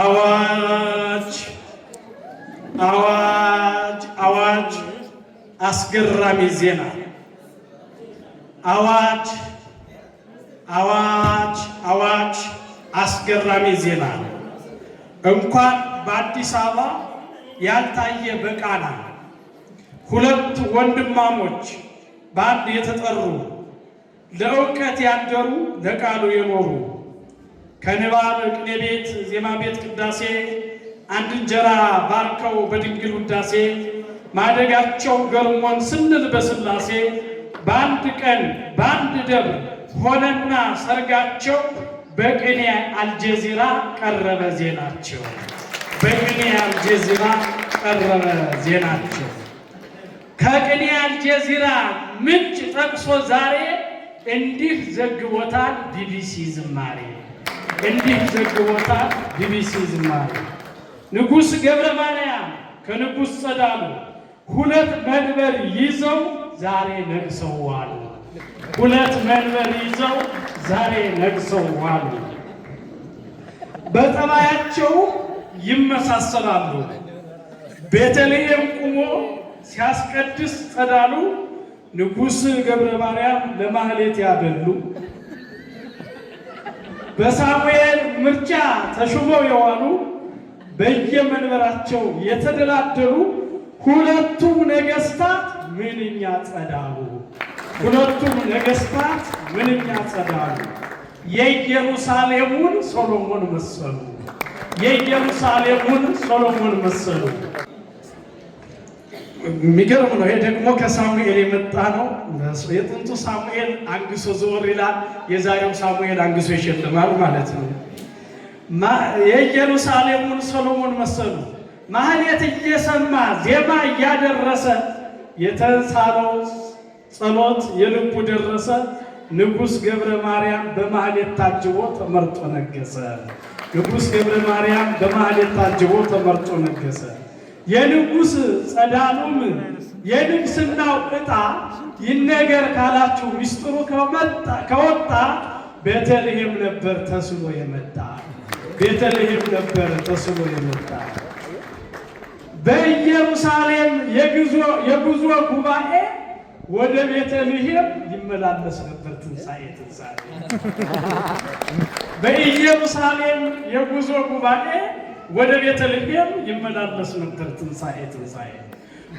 አዋጅ አዋጅ አዋጅ አስገራሚ ዜና አዋጅ አዋጅ አዋጅ አስገራሚ ዜና እንኳን በአዲስ አበባ ያልታየ በቃና ሁለት ወንድማሞች በአንድ የተጠሩ ለእውቀት ያደሩ ለቃሉ የኖሩ ከንባብ ቅኔ ቤት፣ ዜማ ቤት ቅዳሴ አንድ እንጀራ ባርከው በድንግል ውዳሴ ማደጋቸው ገርሞን ስንል በስላሴ በአንድ ቀን በአንድ ደብር ሆነና ሰርጋቸው በቅኔ አልጀዚራ ቀረበ ዜናቸው። በቅኔ አልጀዚራ ቀረበ ዜናቸው። ከቅኔ አልጀዚራ ምንጭ ጠቅሶ ዛሬ እንዲህ ዘግቦታል ቢቢሲ ዝማሬ እንዲህ ዘግቦታል ቢቢሲ ዝማሬ። ንጉሥ ገብረ ማርያም ከንጉሥ ጸዳሉ ሁለት መንበር ይዘው ዛሬ ነግሰዋል። ሁለት መንበር ይዘው ዛሬ ነግሰዋል። በጠባያቸው ይመሳሰላሉ። ቤተልሔም ቁሞ ሲያስቀድስ ጸዳሉ ንጉሥ ገብረ ማርያም ለማህሌት ያበሉ በሳሙኤል ምርጫ ተሹመው የዋሉ በየመንበራቸው የተደላደሉ ሁለቱም ነገስታት ምንኛ ጸዳሉ! ሁለቱም ነገስታት ምንኛ ጸዳሉ! የኢየሩሳሌሙን ሶሎሞን መሰሉ። የኢየሩሳሌሙን ሶሎሞን መሰሉ። የሚገርም ነው። ይሄ ደግሞ ከሳሙኤል የመጣ ነው። የጥንቱ ሳሙኤል አንግሶ ዘወር ይላል፣ የዛሬው ሳሙኤል አንግሶ ይሸልማል ማለት ነው። የኢየሩሳሌሙን ሰሎሞን መሰሉ ማህሌት እየሰማ ዜማ እያደረሰ የተሳለው ጸሎት የልቡ ደረሰ። ንጉሥ ገብረ ማርያም በማህሌት ታጅቦ ተመርጦ ነገሰ። ንጉሥ ገብረ ማርያም በማህሌት ታጅቦ ተመርጦ ነገሰ። የንጉሥ ጸዳሉም የንግስናው ዕጣ ይነገር ካላችሁ ሚስጥሩ ከወጣ ቤተልሔም ነበር ተስሎ የመጣ ቤተልሔም ነበር ተስሎ የመጣ በኢየሩሳሌም የጉዞ ጉባኤ ወደ ቤተልሔም ይመላለስ ነበር። ትንሣኤ ትንሣኤ በኢየሩሳሌም የጉዞ ጉባኤ ወደ ቤተ ልሔም ይመላለስ ነበር። ትንሣኤ ትንሣኤ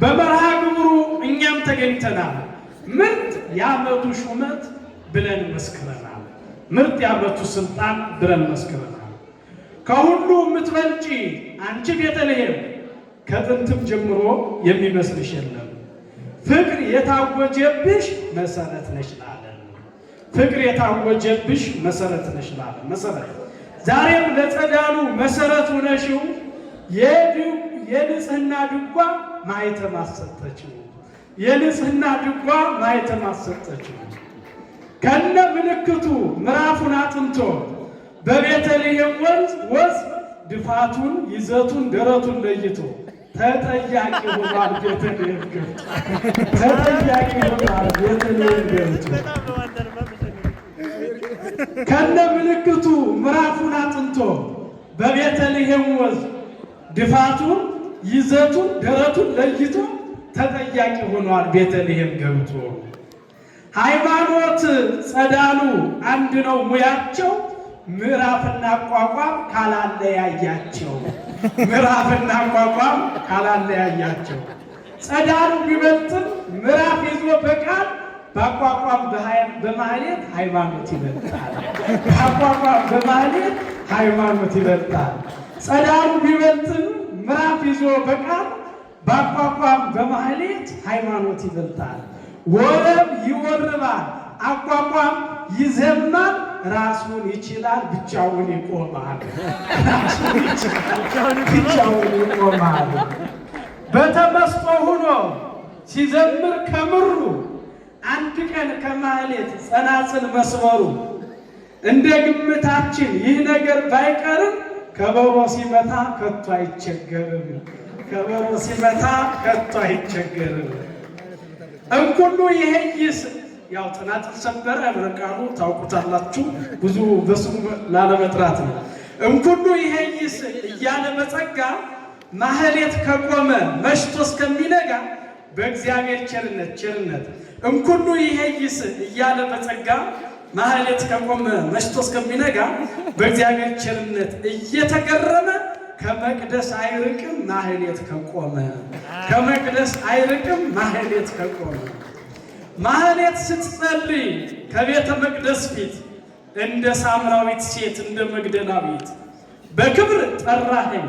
በመርሃ ግብሩ እኛም ተገኝተናል። ምርጥ የዓመቱ ሹመት ብለን መስክረናል። ምርጥ የዓመቱ ስልጣን ብለን መስክረናል። ከሁሉ የምትበልጪ አንቺ ቤተልሔም ከጥንትም ጀምሮ የሚመስልሽ የለም ፍቅር የታወጀብሽ መሰረት ነሽ ላለን ፍቅር የታወጀብሽ መሰረት ነሽ ላለን መሰረት ዛሬም ለጸዳሉ መሰረት ሆነሽው የንጽህና ድጓ ማኅተም አሰጠችው። የንጽህና ድጓ ማኅተም አሰጠችው። ከነ ምልክቱ ምዕራፉን አጥንቶ በቤተልሔም ወንዝ ወዝ ድፋቱን ይዘቱን ደረቱን ለይቶ ተጠያቂ ሆኗል። ቤተልሔም ገብቶ ተጠያቂ ሆኗል። ቤተልሔም ገብቶ ከነ ምልክቱ ምራፉን አጥንቶ በቤተልሔም ወዝ ድፋቱን፣ ይዘቱን፣ ደረቱን ለይቶ ተጠያቂ ሆኗል። ቤተልሔም ገብቶ ሃይማኖት ጸዳሉ አንድ ነው ሙያቸው ምዕራፍና አቋቋም ካላለያያቸው ምዕራፍና አቋቋም ካላለያያቸው ጸዳሉ ቢበልጥን ምዕራፍ ይዞ በቃል ባቋቋም በማህሌት ሃይማኖት ይበልጣል። ባቋቋም በማህሌት ሃይማኖት ይበልጣል። ጸዳሉ ቢበልጥም ምራፍ ይዞ በቃል ባቋቋም በማህሌት ሃይማኖት ይበልጣል። ወረብ ይወርባል፣ አቋቋም ይዘማል፣ ራሱን ይችላል፣ ብቻውን ይቆማል። ብቻውን ይቆማል። በተመስጦ ሆኖ ሲዘምር ከምሩ አንድ ቀን ከማህሌት ጸናጽል መስመሩ እንደ ግምታችን ይህ ነገር ባይቀርም ከበሮ ሲመታ ከቶ አይቸገርም። ከበሮ ሲመታ ከቶ አይቸገርም። እንኩሉ ይሄ ይስ ያው ጸናጽል ሰበረ ምርቃኑ ታውቁታላችሁ። ብዙ በስሙ ላለመጥራት ነው። እንኩሉ ይሄ ይስ እያለ በጸጋ ማህሌት ከቆመ መሽቶ እስከሚነጋ በእግዚአብሔር ቸርነት ቸርነት ይሄ ይሄይስ እያለ በጸጋ ማህሌት ከቆመ መሽቶ እስከሚነጋ በእግዚአብሔር ቸርነት እየተገረመ ከመቅደስ አይርቅም ማህሌት ከቆመ ከመቅደስ አይርቅም ማህሌት ከቆመ። ማህሌት ስትጸልይ ከቤተ መቅደስ ፊት እንደ ሳምራዊት ሴት እንደ መግደላዊት በክብር ጠራኸኝ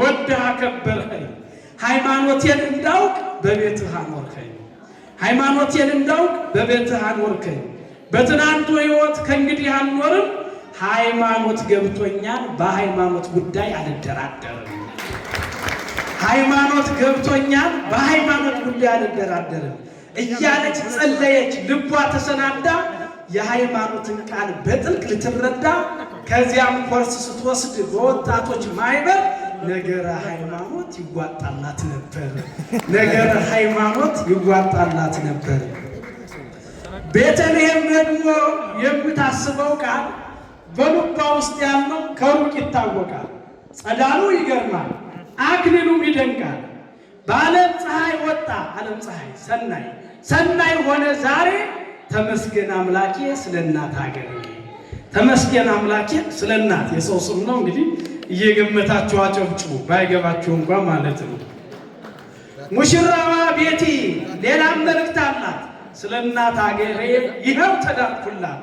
ወደህ አከበርኸኝ ሃይማኖቴን እንዳውቅ በቤትህ አኖርኸኝ። ሃይማኖቴን እንዳውቅ በቤትህ አኖርከኝ። በትናንቱ ህይወት ከእንግዲህ አልኖርም። ሃይማኖት ገብቶኛል። በሃይማኖት ጉዳይ አልደራደርም። ሃይማኖት ገብቶኛል። በሃይማኖት ጉዳይ አልደራደርም እያለች ጸለየች። ልቧ ተሰናዳ። የሃይማኖትን ቃል በጥልቅ ልትረዳ ከዚያም ኮርስ ስትወስድ በወጣቶች ማይበር ነገረ ሃይማኖት ይዋጣላት ነበር። ነገረ ሃይማኖት ይጓጣላት ነበር። ቤተልሔም ደግሞ የምታስበው ቃል በልቧ ውስጥ ያለው ከሩቅ ይታወቃል። ጸዳሉ ይገርማል፣ አክሊሉም ይደንቃል። በዓለም ፀሐይ ወጣ ዓለም ፀሐይ ሰናይ ሰናይ ሆነ ዛሬ ተመስገን አምላኬ ስለ እናት ሀገር ተመስገን አምላኬ ስለ እናት የሰው ስም ነው እንግዲህ እየገመታችሁ አጨብጩ፣ ባይገባችሁ እንኳን ማለት ነው። ሙሽራዋ ቤቲ ሌላም መልእክት አላት። ስለ እናት ሀገሬ ይኸው ተዳርኩላት፣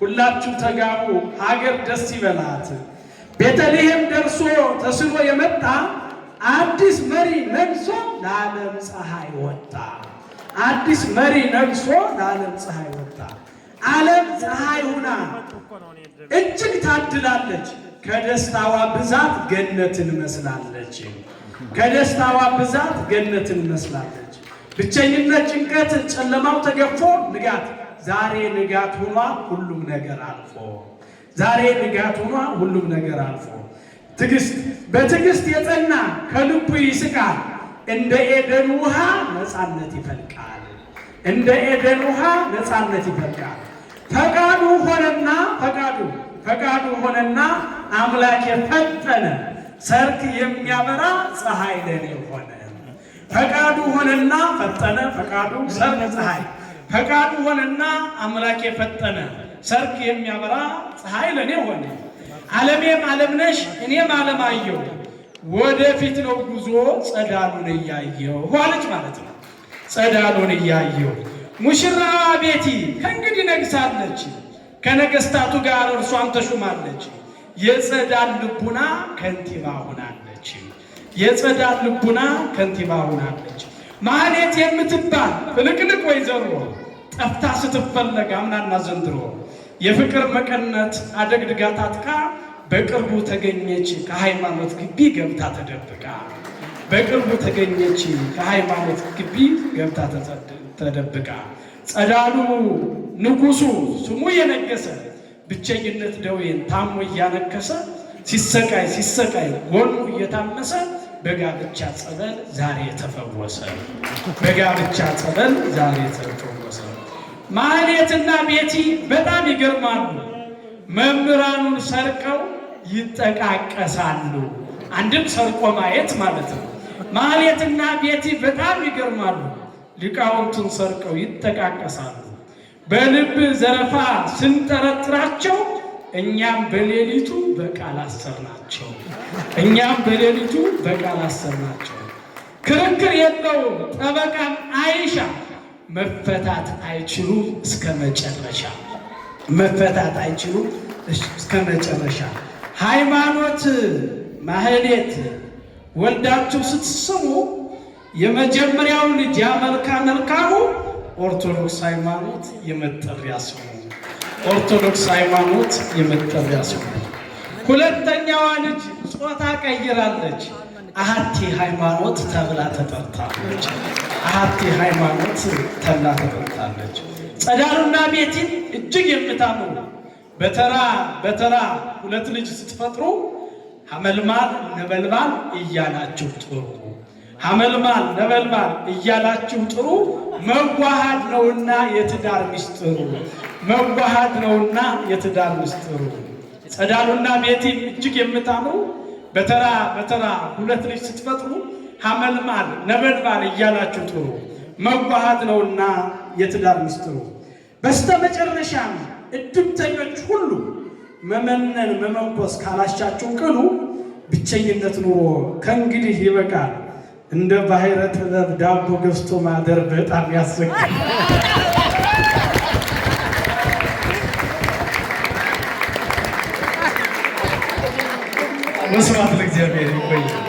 ሁላችሁ ተጋቡ፣ ሀገር ደስ ይበላት። ቤተልሔም ደርሶ ተስሎ የመጣ አዲስ መሪ ነግሶ ለዓለም ፀሐይ ወጣ። አዲስ መሪ ነግሶ ለዓለም ፀሐይ ወጣ። ዓለም ፀሐይ ሁና እጅግ ታድላለች። ከደስታዋ ብዛት ገነትን መስላለች። ከደስታዋ ብዛት ገነትን መስላለች። ብቸኝነት፣ ጭንቀት፣ ጨለማው ተገፎ ንጋት ዛሬ ንጋት ሆኗ ሁሉም ነገር አልፎ ዛሬ ንጋት ሆኗ ሁሉም ነገር አልፎ ትዕግስት በትዕግስት የጸና ከልቡ ይስቃል። እንደ ኤደን ውሃ ነፃነት ይፈልቃል። እንደ ኤደን ውሃ ነፃነት ይፈልቃል። ፈቃዱ ሆነና ፈቃዱ ፈቃዱ ሆነና አምላክ የፈጠነ ሰርክ የሚያበራ ፀሐይ ለኔ ሆነ። ፈቃዱ ሆነና ፈጠነ ፈቃዱ ሰርክ ፀሐይ ፈቃዱ ሆነና አምላክ የፈጠነ ሰርክ የሚያበራ ፀሐይ ለኔ ሆነ። ዓለሜም ዓለም ነሽ እኔም ዓለም አየው ወደፊት ነው ጉዞ ጸዳሉን እያየሁ አለች ማለት ነው። ጸዳሉን እያየሁ ሙሽራ ቤቲ ከእንግዲህ ነግሳለች። ከነገስታቱ ጋር እርሷም ተሹማለች። የጸዳል ልቡና ከንቲባ ሆናለች። የጸዳል ልቡና ከንቲባ ሆናለች። ማህሌት የምትባል ፍልቅልቅ ወይዘሮ ጠፍታ ስትፈለግ አምናና ዘንድሮ የፍቅር መቀነት አደግድጋ ታጥቃ በቅርቡ ተገኘች ከሃይማኖት ግቢ ገብታ ተደብቃ በቅርቡ ተገኘች ከሃይማኖት ግቢ ገብታ ተደብቃ ጸዳሉ ንጉሱ ስሙ የነገሰ ብቸኝነት ደዌን ታሞ እያነከሰ ሲሰቃይ ሲሰቃይ ጎኑ እየታመሰ በጋብቻ ጸበል ዛሬ ተፈወሰ። በጋብቻ ጸበል ዛሬ ተፈወሰ። ማህሌትና ቤቲ በጣም ይገርማሉ። መምህራኑን ሰርቀው ይጠቃቀሳሉ። አንድም ሰርቆ ማየት ማለት ነው። ማህሌትና ቤቲ በጣም ይገርማሉ። ሊቃውንቱን ሰርቀው ይጠቃቀሳሉ። በልብ ዘረፋ ስንጠረጥራቸው እኛም በሌሊቱ በቃል አሰርናቸው። እኛም በሌሊቱ በቃል አሰርናቸው። ክርክር የለውም፣ ጠበቃም አይሻ። መፈታት አይችሉም እስከ መጨረሻ። መፈታት አይችሉም እስከ መጨረሻ። ሃይማኖት ማህሌት ወልዳችሁ ስትስሙ የመጀመሪያው ልጅ ያመልካ መልካሙ ኦርቶዶክስ ሃይማኖት የመጠሪያ ስሙ ኦርቶዶክስ ሃይማኖት የመጠሪያ ስሙ ሁለተኛዋ ልጅ ጾታ ቀይራለች። አሃቴ ሃይማኖት ተብላ ተጠርታለች። አሐቲ ሃይማኖት ተብላ ተጠርታለች። ጸዳሉና ቤቲን እጅግ የምታምሩ በተራ በተራ ሁለት ልጅ ስትፈጥሩ ሐመልማል ነበልባል እያላችሁ ጥሩ ሐመልማል ነበልባል እያላችሁ ጥሩ። መዋሃድ ነውና የትዳር ምስጢሩ መዋሃድ ነውና የትዳር ምስጢሩ። ጸዳሉና ቤቲ እጅግ የምታምሩ በተራ በተራ ሁለት ልጅ ስትፈጥሩ ሐመልማል ነበልባል እያላችሁ ጥሩ። መዋሃድ ነውና የትዳር ምስጢሩ። በስተ መጨረሻም እድምተኞች ሁሉ መመነን መመንኮስ ካላሻችሁ ቅሉ ብቸኝነት ኑሮ ከእንግዲህ ይበቃል። እንደ ባህረ ጥበብ ዳቦ ገዝቶ ማደር በጣም ያስቀል። መስማት ለእግዚአብሔር ይቆይ።